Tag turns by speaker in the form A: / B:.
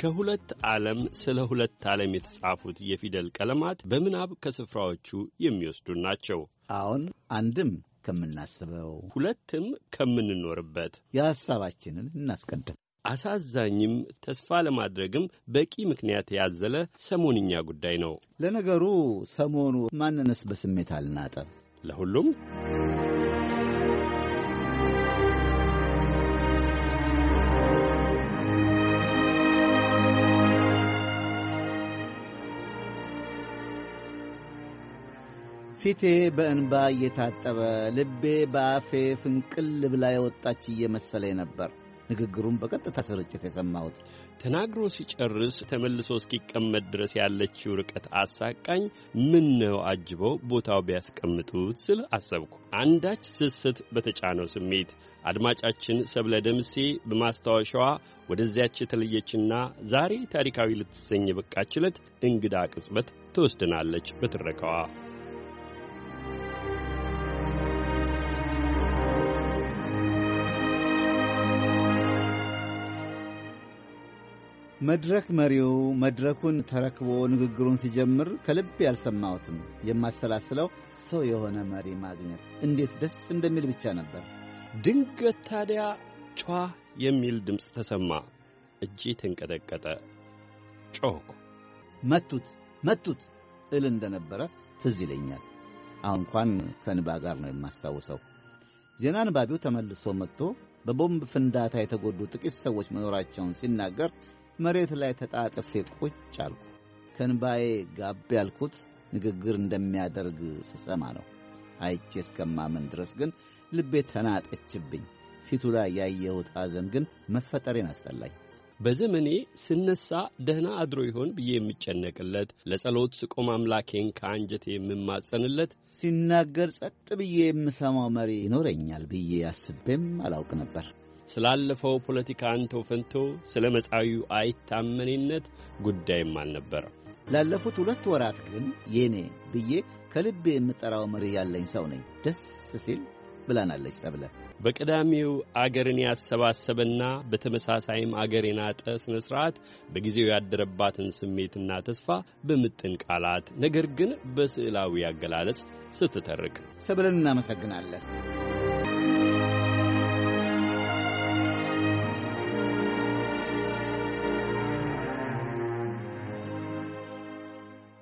A: ከሁለት ዓለም ስለ ሁለት ዓለም የተጻፉት የፊደል ቀለማት በምናብ ከስፍራዎቹ የሚወስዱን ናቸው።
B: አሁን አንድም ከምናስበው
A: ሁለትም ከምንኖርበት
B: የሐሳባችንን እናስቀድም።
A: አሳዛኝም ተስፋ ለማድረግም በቂ ምክንያት ያዘለ ሰሞንኛ ጉዳይ ነው።
B: ለነገሩ ሰሞኑ ማንነስ በስሜት አልናጠ ለሁሉም ፊቴ በእንባ እየታጠበ ልቤ በአፌ ፍንቅል ብላ የወጣች እየመሰለኝ ነበር። ንግግሩን በቀጥታ ስርጭት የሰማሁት
A: ተናግሮ ሲጨርስ ተመልሶ እስኪቀመጥ ድረስ ያለችው ርቀት አሳቃኝ። ምን ነው አጅበው ቦታው ቢያስቀምጡት ስል አሰብኩ። አንዳች ስስት በተጫነው ስሜት አድማጫችን ሰብለ ደምሴ በማስታወሻዋ ወደዚያች የተለየችና ዛሬ ታሪካዊ ልትሰኝ የበቃችለት እንግዳ ቅጽበት ትወስድናለች በትረካዋ
B: መድረክ መሪው መድረኩን ተረክቦ ንግግሩን ሲጀምር ከልብ ያልሰማሁትም የማሰላስለው ሰው የሆነ መሪ
A: ማግኘት እንዴት ደስ እንደሚል ብቻ ነበር። ድንገት ታዲያ ቿ የሚል ድምፅ ተሰማ። እጄ ተንቀጠቀጠ። ጮክ
B: መቱት መቱት እል እንደነበረ
A: ትዝ ይለኛል። አሁን እንኳን
B: ከንባ ጋር ነው የማስታውሰው። ዜና አንባቢው ተመልሶ መጥቶ በቦምብ ፍንዳታ የተጎዱ ጥቂት ሰዎች መኖራቸውን ሲናገር መሬት ላይ ተጣጥፌ ቁጭ አልኩ። ከንባዬ ጋብ ያልኩት ንግግር እንደሚያደርግ ስሰማ ነው። አይቼ እስከማመን ድረስ ግን ልቤ ተናጠችብኝ። ፊቱ ላይ ያየሁት ሐዘን ግን መፈጠሬን አስጠላኝ።
A: በዘመኔ ስነሳ ደህና አድሮ ይሆን ብዬ የምጨነቅለት ለጸሎት ስቆም አምላኬን ከአንጀቴ የምማጸንለት
B: ሲናገር ጸጥ ብዬ የምሰማው መሪ ይኖረኛል ብዬ አስቤም አላውቅ ነበር።
A: ስላለፈው ፖለቲካ አንተው ፈንቶ ስለ መጻዊው አይታመኔነት ጉዳይም አልነበረ።
B: ላለፉት ሁለት ወራት ግን የኔ ብዬ ከልቤ የምጠራው መሪ ያለኝ ሰው ነኝ ደስ ሲል ብላናለች ተብለ
A: በቀዳሚው አገርን ያሰባሰበና በተመሳሳይም አገር የናጠ ሥነ ሥርዓት በጊዜው ያደረባትን ስሜትና ተስፋ በምጥን ቃላት ነገር ግን በስዕላዊ አገላለጽ ስትተርክ ሰብለን እናመሰግናለን።